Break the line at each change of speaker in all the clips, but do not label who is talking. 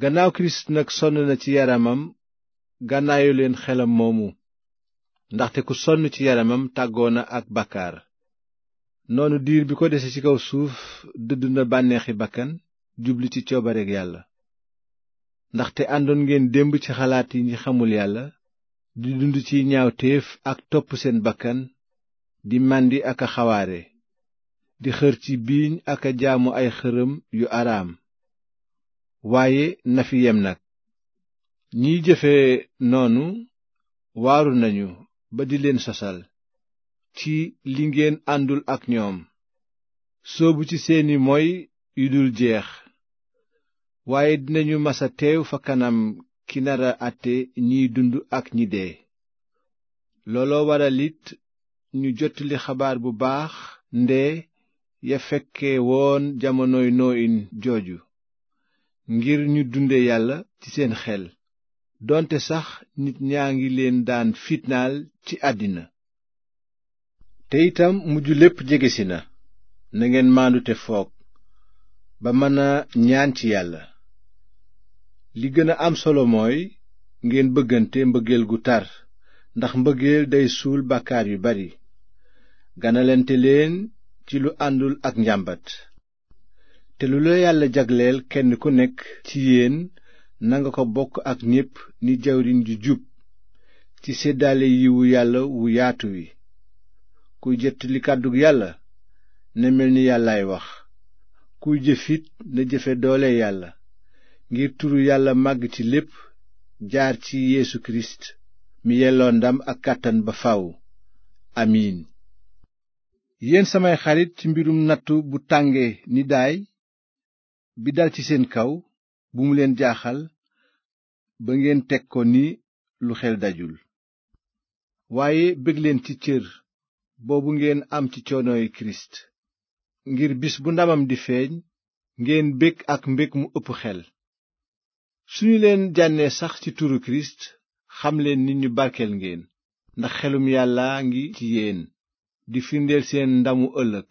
gannaaw kirist nag sonn na ci yaramam gànnaayu leen xelam moomu ndaxte ku sonn ci yaramam tàggoo na ak bàkkaar noonu diir bi ko desee ci kaw suuf dëdd na bànneexi bakkan jubli ci coobareeg yàlla ndaxte àndoon ngeen démb ci xalaat yi ñi xamul yàlla di dund ci ñaawteef ak topp seen bakkan di màndi ak a xawaare di xër ci biiñ ak a jaamu ay xërëm yu araam waaye na fi yem nag ñiy jëfe noonu waaru nañu ba di leen sosal ci li ngeen àndul ak ñoom sóobu ci seeni moy yu dul jeex waaye dinañu masa teew fa kanam ki nara àtte ñiy dund ak ñi dee looloo waral it ñu jottali xabaar bu baax ndee ya fekke woon jamonoy nooyin jooju ngir ñu dunde yàlla ci seen xel doonte sax nit ñaa ngi leen daan fitnaal ci àddina te itam mujj lépp jegesi na nangeen maandu te foog ba mën a ñaan ci yàlla li gën a am solo mooy ngeen bëggante mbëggeel gu tar ndax mbëggeel day suul bàkkaar yu bari ganalante leen ci lu àndul ak njàmbat te lu la yàlla jagleel kenn ku nekk ci yéen nanga ko bokk ak ñépp ni jawriñ ju jub ci séddaale yiwu yàlla wu yaatu wi kuy jottali kàddug yàlla na mel ni yàllaay wax kuy jëfit na jëfe doole yàlla ngir turu yàlla màgg ci lépp jaar ci Yeesu Kirist mi yelloo ndam ak kàttan ba faw amiin ci mbirum nattu bu tànge ni bi dal ci seen kaw bu mu leen jaaxal ba ngeen teg ko ni lu xel dajul waaye bégleen ci cër boobu ngeen am ci coonoy kirist ngir bis bu ndamam di feeñ ngeen bég ak mbég mu ëpp xel suñu leen jànnee sax ci turu kirist xam leen ni ñu barkeel ngeen ndax xelum yàlla ngi ci yéen di firndeel seen ndamu ëllëg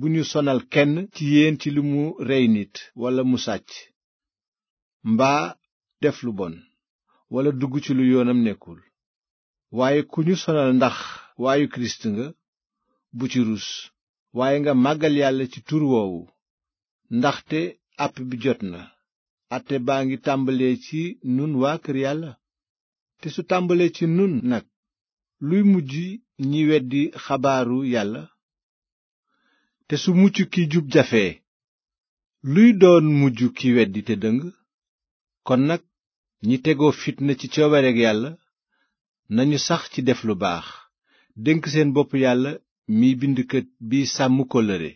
bu ñu sonal kenn ci yéen ci lu mu rey nit walla mu sàcc mbaa def lu bon walla dugg ci lu yoonam nekkul waaye ku ñu sonal ndax waayu kirist nga bu ci rus waaye nga màggal yàlla ci tur woowu ndaxte àpp bi jot na àtte baa ngi tàmbalee ci nun waa kër yàlla te su tàmbalee ci nun nag luy mujj ñi weddi xabaaru yàlla te su mucc ki jub jafee luy doon mujj ki wet di te dëng kon nag ñi tegoo fitna ci coobareeg yàlla nañu sax ci def lu baax dénk seen bopp yàlla miy kët bi sàmm kóllëre